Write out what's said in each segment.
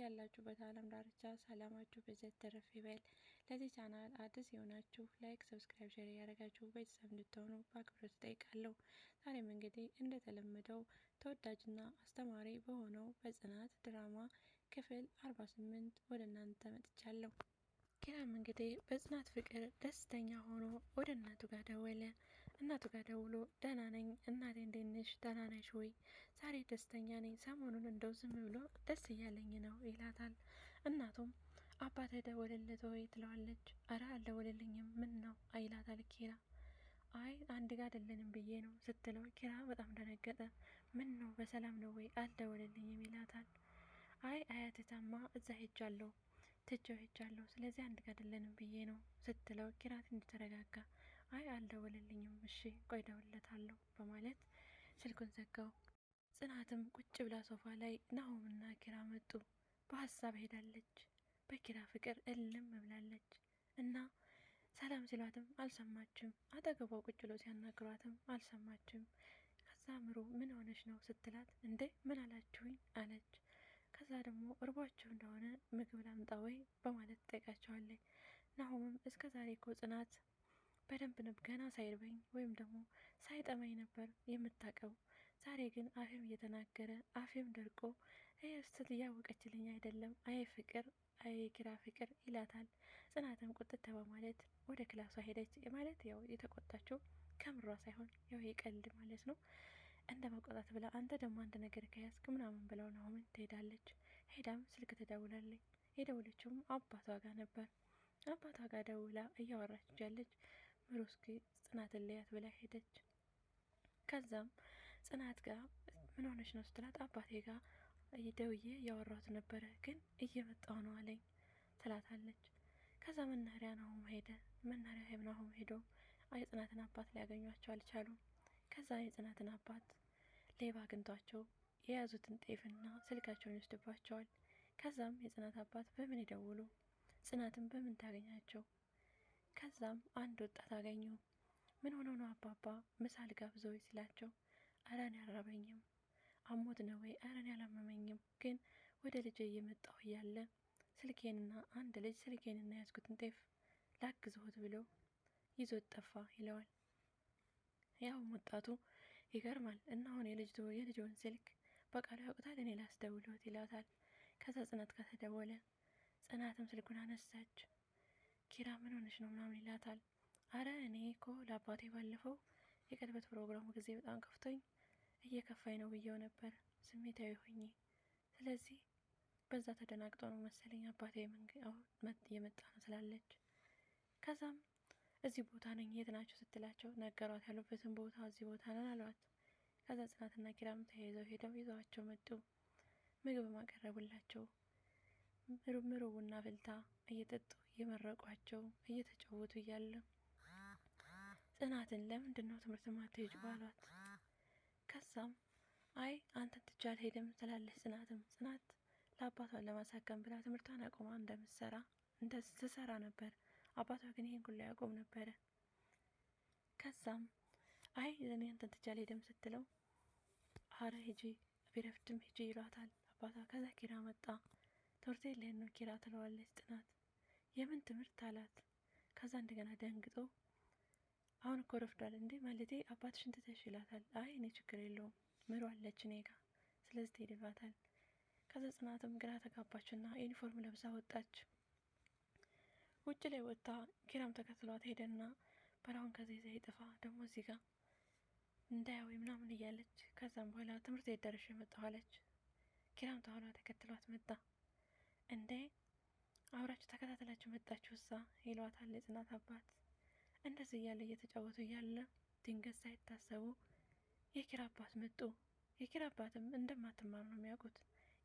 በያላችሁበት ዓለም ዳርቻ ሰላማችሁ በዘት ተረፍ ይበል። ለዚህ ቻናል አዲስ የሆናችሁ ላይክ፣ ሰብስክራይብ፣ ሼር ያደረጋችሁ ቤተሰብ እንድትሆኑ በአክብሮት ጠይቃለሁ። ዛሬም እንግዲህ እንደተለመደው ተወዳጅና አስተማሪ በሆነው በጽናት ድራማ ክፍል 48 ወደ እናንተ መጥቻለሁ። ኪራም እንግዲህ በጽናት ፍቅር ደስተኛ ሆኖ ወደ እናቱ ጋር ደወለ። እናቱ ጋር ደውሎ ደህና ነኝ እናቴ እንዴት ነሽ? ደህና ነሽ ወይ? ዛሬ ደስተኛ ነኝ። ሰሞኑን እንደው ዝም ብሎ ደስ እያለኝ ነው ይላታል። እናቱም አባት ደወለለት ወይ ትለዋለች። አረ አልደወለልኝም፣ ምን ነው አይላታል ኪራ። አይ አንድ ጋር አይደለንም ብዬ ነው ስትለው ኪራ በጣም ደነገጠ። ምን ነው በሰላም ነው ወይ አልደወለልኝም ይላታል። አይ አያቴታማ እዛ ሄጃለሁ ትቼው ሄጃለሁ፣ ስለዚህ አንድ ጋር አይደለንም ብዬ ነው ስትለው ኪራ ትንሽ ተረጋጋ። አይ አልደወለልኝም፣ እሺ ቆይ እደውልለታለሁ በማለት ስልኩን ዘጋው። ጽናትም ቁጭ ብላ ሶፋ ላይ ናሆምና ኪራ መጡ። በሀሳብ ሄዳለች። በኪራ ፍቅር እልም ብላለች እና ሰላም ሲሏትም አልሰማችም። አጠገቧ ቁጭ ብሎ ሲያናግሯትም አልሰማችም። ከዛ ምሩ ምን ሆነች ነው ስትላት እንዴ ምን አላችሁኝ አለች። ከዛ ደግሞ እርቧቸው እንደሆነ ምግብ ላምጣ ወይ በማለት ትጠይቃቸዋለች። ናሆምም እስከ ዛሬ እኮ ጽናት በደንብ ነብ ገና ሳይርበኝ ወይም ደግሞ ሳይጠማኝ ነበር የምታቀው። ዛሬ ግን አፌም እየተናገረ አፌም ደርቆ ስትል እያወቀችልኝ አይደለም። አይ ፍቅር ኪራ ፍቅር ይላታል። ጽናትም ቁጥት በማለት ወደ ክላሷ ሄደች። ማለት ያው የተቆጣችው ከምሯ ሳይሆን ያው የቀልድ ማለት ነው እንደ መቆጣት ብላ አንተ ደግሞ አንድ ነገር ከያዝክ ምናምን ብለው ናሆምን ትሄዳለች። ሄዳም ስልክ ትደውላለች። የደውለችውም አባቷ ጋር ነበር። አባቷ ጋር ደውላ እያወራች ያለች ምሮስኪ እስኪ ጽናትን ልያት ብላ ሄደች። ከዛም ጽናት ጋር ምን ሆነች ነው ስትላት አባቴ ጋር ደውዬ ያወራት ነበረ ግን እየመጣው ነው አለኝ ትላታለች። ከዛ መናሪያ ናሆም ሄደ። መናሪያ ናሆም ሄዶ የጽናትን አባት ሊያገኟቸው አልቻሉም። ከዛ የጽናትን አባት ሌባ አግኝቷቸው የያዙትን ጤፍና ስልካቸውን ይወስድባቸዋል። ከዛም የጽናት አባት በምን ይደውሉ? ጽናትን በምን ታገኛቸው? ከዛም አንድ ወጣት አገኙ። ምን ሆኖ ነው አባባ ምሳ ልጋብዘው ሲላቸው፣ አረን ያራበኝም አሞት ነው ወይ አረን ያላመመኝም፣ ግን ወደ ልጄ እየመጣሁ እያለ ስልኬንና አንድ ልጅ ስልኬንና ያዝኩትን ጤፍ ላግዝሁት ብሎ ይዞት ጠፋ ይለዋል። ያውም ወጣቱ ይገርማል እና አሁን የልጅቱ የልጅውን ስልክ በቃሉ ያውቁታል፣ እኔ ላስደውልዎት ይላታል። ከዛ ጽናት ከተደወለ ጽናትም ስልኩን አነሳች። ኪራ ምን ሆነች ነው ምናምን ይላታል። አረ እኔ እኮ ለአባቴ ባለፈው የቀለበት ፕሮግራሙ ጊዜ በጣም ከፍቶኝ እየከፋኝ ነው ብዬው ነበር ስሜታዊ ሆኜ። ስለዚህ በዛ ተደናግጦ ነው መሰለኝ አባቴ የመጣ ነው ትላለች። ከዛም እዚህ ቦታ ነኝ የት ናቸው ስትላቸው ነገሯት። ያሉበትን ቦታ እዚህ ቦታ ነን አሏት። ከዛ ጽናትና ኪራም ተያይዘው ሄደው ይዘዋቸው መጡ። ምግብ ማቀረቡላቸው ምርምሩ ቡና ፍልታ እየጠጡ እየመረቋቸው እየተጫወቱ እያለ ጽናትን ለምንድን ነው ትምህርት ማትሄጅ ባሏት። ከዛም አይ አንተን ትቼ አልሄድም ትላለች። ጽናትም ጽናት ለአባቷን ለማሳከም ብላ ትምህርቷን አቁማ እንደምትሰራ ስትሰራ ነበር። አባቷ ግን ይህን ሁሉ ያቆም ነበረ። ከዛም አይ እኔ አንተን ትቼ አልሄድም ስትለው አረ ሂጂ ቢረፍድም ሂጂ ይሏታል አባቷ። ከዛ ኪራ መጣ ትምህርት የለህን ነው ኪራ ትለዋለች ጽናት የምን ትምህርት አላት። ከዛ እንደገና ደንግጦ አሁን እኮ ረፍዷል እንዴ ማለቴ አባትሽን ትተሽ ይላታል። አይ እኔ ችግር የለውም ምሮ አለች እኔ ጋ ስለዚህ ትሄድላታል። ከዛ ጽናትም ግራ ተጋባችና ዩኒፎርም ለብሳ ወጣች። ውጭ ላይ ወጥታ ኪራም ተከትሏት ሄደና በራውን ከዚህ ዘይ ጥፋ ደግሞ እዚህ ጋር እንዳያዊ ምናምን እያለች ከዛም በኋላ ትምህርት የደረሽ መጣኋለች። ኪራም ተኋላ ተከትሏት መጣ እንዴ አብራችሁ ተከታተላችሁ መጣችሁ እሳ ይሏታል የጽናት አባት። እንደዚህ እያለ እየተጫወቱ እያለ ድንገት ሳይታሰቡ የኪራ አባት መጡ። የኪራ አባትም እንደማትማር ነው የሚያውቁት።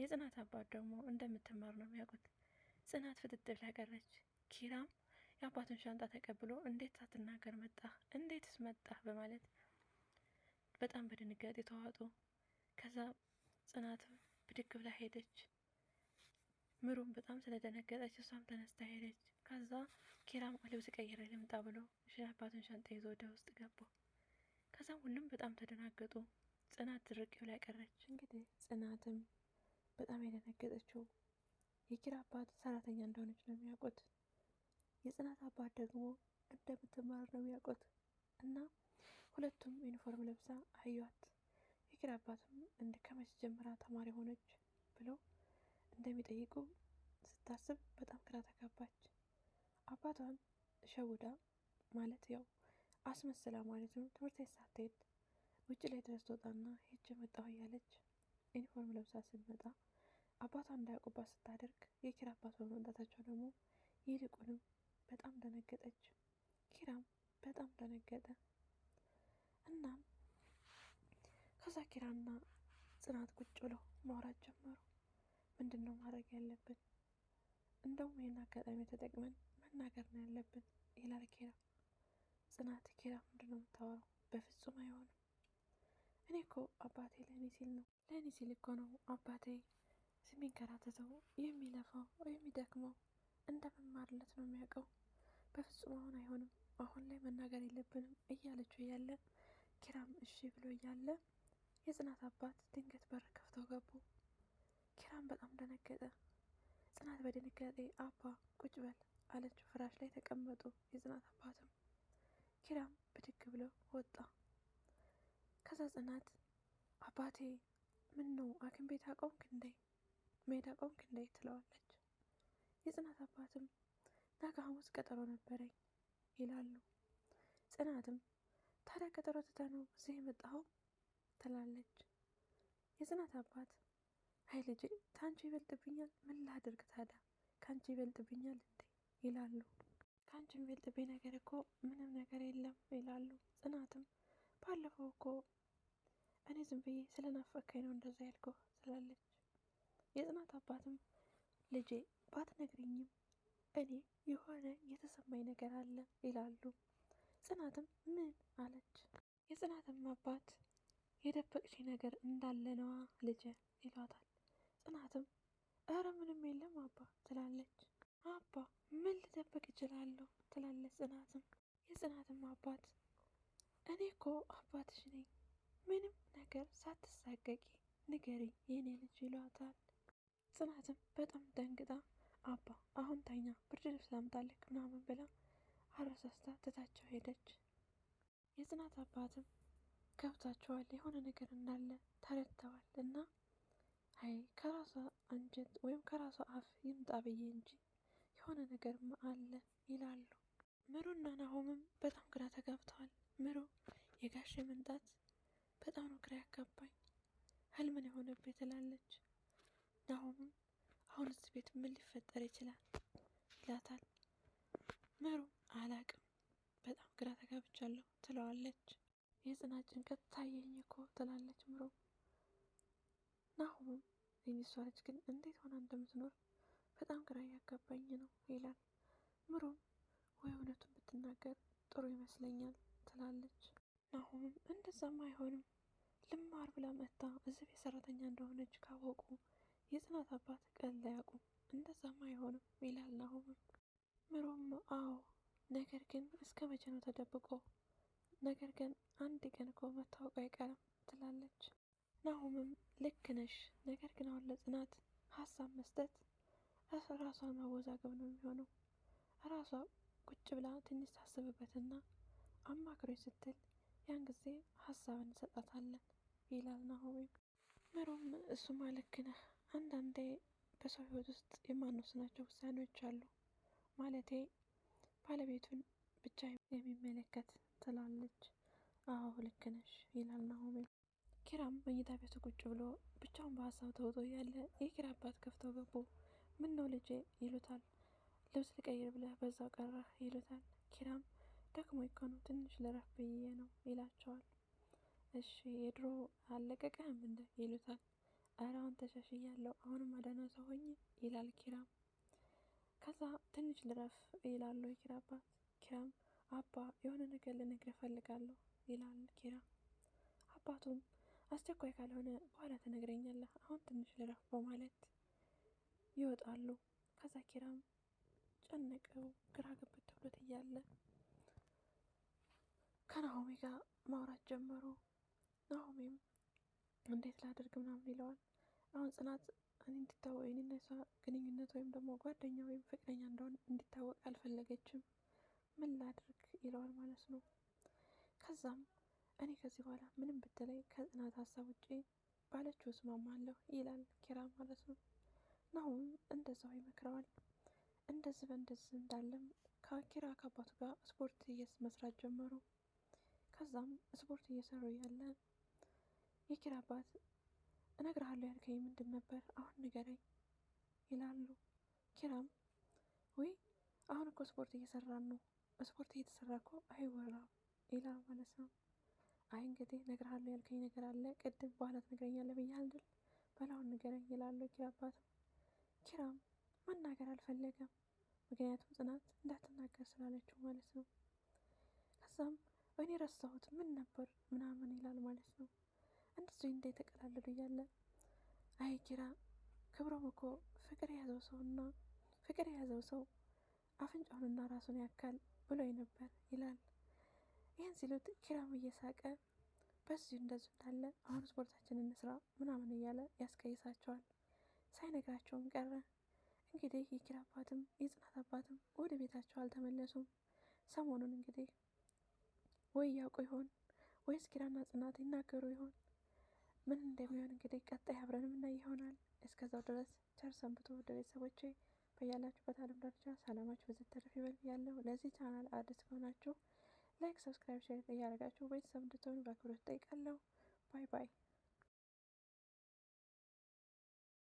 የጽናት አባት ደግሞ እንደምትማር ነው የሚያውቁት። ጽናት ፍጥጥ ብላ ቀረች። ኪራም የአባቱን ሻንጣ ተቀብሎ እንዴት ሳትናገር መጣ፣ እንዴትስ መጣ በማለት በጣም በድንጋጤ ተዋጡ። ከዛ ጽናት ብድግ ብላ ሄደች። ምሩም በጣም ስለደነገጠች እሷም ተነስታ ሄደች። ከዛ ኪራም ልብስ ቀይረ ልምጣ ብሎ አባቱን ሻንጣ ይዞ ወደ ውስጥ ገቡ። ከዛ ሁሉም በጣም ተደናገጡ። ጽናት ድርቅ ላይ ቀረች። እንግዲህ ጽናትም በጣም የደነገጠችው የኪራ አባት ሰራተኛ እንደሆነች ነው የሚያውቁት። የጽናት አባት ደግሞ እንደምትማር ነው የሚያውቁት እና ሁለቱም ዩኒፎርም ለብሳ አዩዋት። የኪራ አባትም እንደ ከመች ጀምራ ተማሪ ሆነች ብለው እንደሚጠይቁ ስታስብ በጣም ግራ ተጋባች። አባቷን ሸውዳ ማለት ያው አስመስላ ማለት ነው። ትምህርት ሳትሄድ ውጭ ላይ ድረስ ትወጣና ሄጄ መጣሁ እያለች ዩኒፎርም ለብሳ ስትመጣ አባቷን እንዳያውቁባት ስታደርግ የኪራ አባት በመምጣታቸው ደግሞ ይልቁንም በጣም ደነገጠች። ኪራም በጣም ደነገጠ። እናም ከዛ ኪራና ጽናት ቁጭ ብለው ማውራት ጀመሩ። ምንድን ነው ማድረግ ያለብን? እንደውም ይህን አጋጣሚ ተጠቅመን መናገር ነው ያለብን ይላል ኪራ። ጽናት ኪራ ምንድን ነው የምታወራው? በፍጹም አይሆንም። እኔ እኮ አባቴ ለእኔ ሲል ነው ለእኔ ሲል እኮ ነው አባቴ የሚንከራተተው የሚለፋው የሚደክመው እንደ ነው የሚያውቀው። በፍጹም አሁን አይሆንም፣ አሁን ላይ መናገር የለብንም እያለችው እያለ ኪራም እሺ ብሎ እያለ የጽናት አባት ድንገት በር ከፍተው ገቡ። በጣም ደነገጠ። ጽናት በድንጋጤ አባ ቁጭ በል አለችው። ፍራሽ ላይ ተቀመጡ የጽናት አባትም። ኪራም ብድግ ብሎ ወጣ። ከዛ ጽናት አባቴ ምን ነው ሐኪም ቤት አቆምክ እንዴ? መሄድ አቆምክ እንዴ? ትለዋለች። የጽናት አባትም ነገ ሐሙስ ቀጠሮ ነበረኝ ይላሉ። ጽናትም ታዲያ ቀጠሮ ትተህ ነው እዚህ የመጣኸው? ትላለች። የጽናት አባት አይ ልጄ ታንቺ ይበልጥብኛል። ምን ላድርግ ታዲያ ከአንቺ ይበልጥብኛል እንዴ ይላሉ። ከአንቺ የሚበልጥብኝ ነገር እኮ ምንም ነገር የለም ይላሉ። ጽናትም ባለፈው እኮ እኔ ዝም ብዬ ስለናፈካኝ ነው እንደዛ ያልከው ስላለች የጽናት አባትም ልጄ ባትነግሪኝም እኔ የሆነ የተሰማኝ ነገር አለ ይላሉ። ጽናትም ምን አለች። የጽናትም አባት የደበቅሽ ነገር እንዳለ ነዋ ልጄ ይሏታል። ጽናትም እረ ምንም የለም አባ ትላለች። አባ ምን ልጠብቅ እችላለሁ ትላለች ጽናትም። የጽናትም አባት እኔ እኮ አባትሽ ነኝ፣ ምንም ነገር ሳትሳቀቂ ንገሪኝ የኔ ልጅ ይሏታል። ጽናትም በጣም ደንግጣ አባ አሁን ተኛ ብርድ ልብስ ላምጣልክ ምናምን ብላ አረሳስታ ትታቸው ሄደች። የጽናት አባትም ገብታችኋል፣ የሆነ ነገር እንዳለ ተረድተዋል ከራሷ አንጀት ወይም ከራሷ አፍ ይምጣ ብዬ እንጂ የሆነ ነገርም አለ ይላሉ። ምሩና ናሆምም በጣም ግራ ተጋብተዋል። ምሩ የጋሼ መምጣት በጣም ነው ግራ ያጋባኝ፣ ህልምን የሆነብኝ ትላለች። ናሆምም አሁን እዚህ ቤት ምን ሊፈጠር ይችላል ይላታል። ምሩ አላቅም፣ በጣም ግራ ተጋብቻለሁ ትለዋለች። የጽናት ጭንቀት ታየኝ እኮ ትላለች ምሩ ናሆምም የእሷ ልጅ ግን እንዴት ሆና እንደምትኖር በጣም ግራ እያጋባኝ ነው ይላል። ምሩም ወይ እውነቱን ብትናገር ጥሩ ይመስለኛል ትላለች። ናሆምም እንደዛም አይሆንም ልማር ብላ መጥታ እዚህ ቤት ሰራተኛ እንደሆነች ካወቁ የጽናት አባት ቀን ላያውቁ እንደዛም አይሆንም ይላል ናሆምም። ምሩም አዎ ነገር ግን እስከ መቼ ነው ተደብቆ? ነገር ግን አንድ ቀን እኮ መታወቁ አይቀርም ትላለች። ናሁምም ልክ ነሽ፣ ነገር ግን አሁን ለጽናት ሀሳብ መስጠት ራሷን ማወዛገብ ነው የሚሆነው። ራሷ ቁጭ ብላ ትንሽ ታስብበትና አማክሮ ስትል ያን ጊዜ ሀሳብ እንሰጣታለን ይላል ናሁሜም። ምሩም እሱማ ልክ ነህ፣ አንዳንዴ በሰው ህይወት ውስጥ የማንወስናቸው ውሳኔዎች አሉ፣ ማለቴ ባለቤቱን ብቻ የሚመለከት ትላለች። አዎ ልክ ነሽ ይላል ናሁሜም። ኪራም መኝታ ቤቱ ቁጭ ብሎ ብቻውን በሀሳብ ተውጦ ያለ የኪራ አባት ከፍተው ገቡ። ምን ነው ልጄ ይሉታል። ልብስ ልቀይር ብለህ በዛው ቀረህ ይሉታል። ኪራም ደግሞ ይኮኑ ትንሽ ልረፍ ብዬ ነው ይላቸዋል። እሺ የድሮ አለቀቀህም እንደ ይሉታል። ኧረ አሁን ተሻሽያለሁ አሁንም አዳና ሰው ሆኜ ይላል ኪራም። ከዛ ትንሽ ልረፍ ይላሉ የኪራ አባት። ኪራም አባ የሆነ ነገር ልነግርህ እፈልጋለሁ ይላል ኪራ አባቱም አስቸኳይ ካልሆነ በኋላ ትነግረኛለህ፣ አሁን ትንሽ ልረፍ በማለት ይወጣሉ። ከዛ ኪራም ጨነቀው፣ ግራ ገብቶት ተብሎት እያለ ከናሆሜ ጋር ማውራት ጀመሩ። ናሆሜም እንዴት ላደርግ ምናምን ይለዋል። አሁን ጽናት እኔ እንዲታወቅ የእኔና ግንኙነት ወይም ደግሞ ጓደኛ ወይም ፍቅረኛ እንደሆን እንዲታወቅ አልፈለገችም። ምን ላድርግ ይለዋል ማለት ነው። ከዛም እኔ ከዚህ በኋላ ምንም ብትለይ ከጽናት ሀሳብ ውጪ ባለችው እስማማለሁ ይላል ኪራ ማለት ነው። ናሁም እንደዛው ይመክረዋል። እንደዚህ በእንደዚህ እንዳለም ከኪራ ከአባቱ ጋር ስፖርት መስራት ጀመሩ። ከዛም ስፖርት እየሰሩ ያለ የኪራ አባት እነግርሃለሁ ያልከኝ ምንድን ነበር? አሁን ንገረኝ ይላሉ። ኪራም ወይ አሁን እኮ ስፖርት እየሰራን ነው፣ ስፖርት እየተሰራ እኮ አይወራም ይላል ማለት ነው። አይ እንግዲህ እነግርሃለሁ ያልከኝ ነገር አለ። ቅድም በኋላ ትነግረኛለህ ብያለሁ አይደል? በላሁን ንገረኝ ይላሉ ኪራ አባትም። ኪራም መናገር አልፈለገም። ምክንያቱም ጽናት እንዳትናገር ስላለችው ማለት ነው። ከዛም እኔ ረሳሁት ምን ነበር ምናምን ይላል ማለት ነው። እንደዚ እንደ የተቀላለዱ እያለ አይ ኪራ ክብሮም እኮ ፍቅር የያዘው ሰውና ፍቅር የያዘው ሰው አፍንጫውንና ራሱን ያካል ብሎኝ ነበር ይላል ይህን ሲሉት ኪራም እየሳቀ በዚሁ እንደዚሁ እንዳለ አሁን ስፖርታችን እንስራ ምናምን እያለ ያስቀይሳቸዋል። ሳይነግራቸውም ቀረ። እንግዲህ የኪራ አባትም የጽናት አባትም ወደ ቤታቸው አልተመለሱም። ሰሞኑን እንግዲህ ወይ ያውቁ ይሆን ወይስ ኪራና ጽናት ይናገሩ ይሆን? ምን እንደሚሆን እንግዲህ ቀጣይ አብረን የምናይ ይሆናል። እስከዛው ድረስ ቸር ሰንብቱ ውድ ቤተሰቦቼ። በያላችሁበት ዓለም ሰላማችሁ ብዝት ይበል። ያለው ለዚህ ቻናል አዲስ ከሆናችሁ ላይክ፣ ሰብስክራይብ፣ ሼር እያደረጋችሁ ቤተሰብ እንድትሆኑ በአክብሮት ጠይቃለሁ። ባይ ባይ።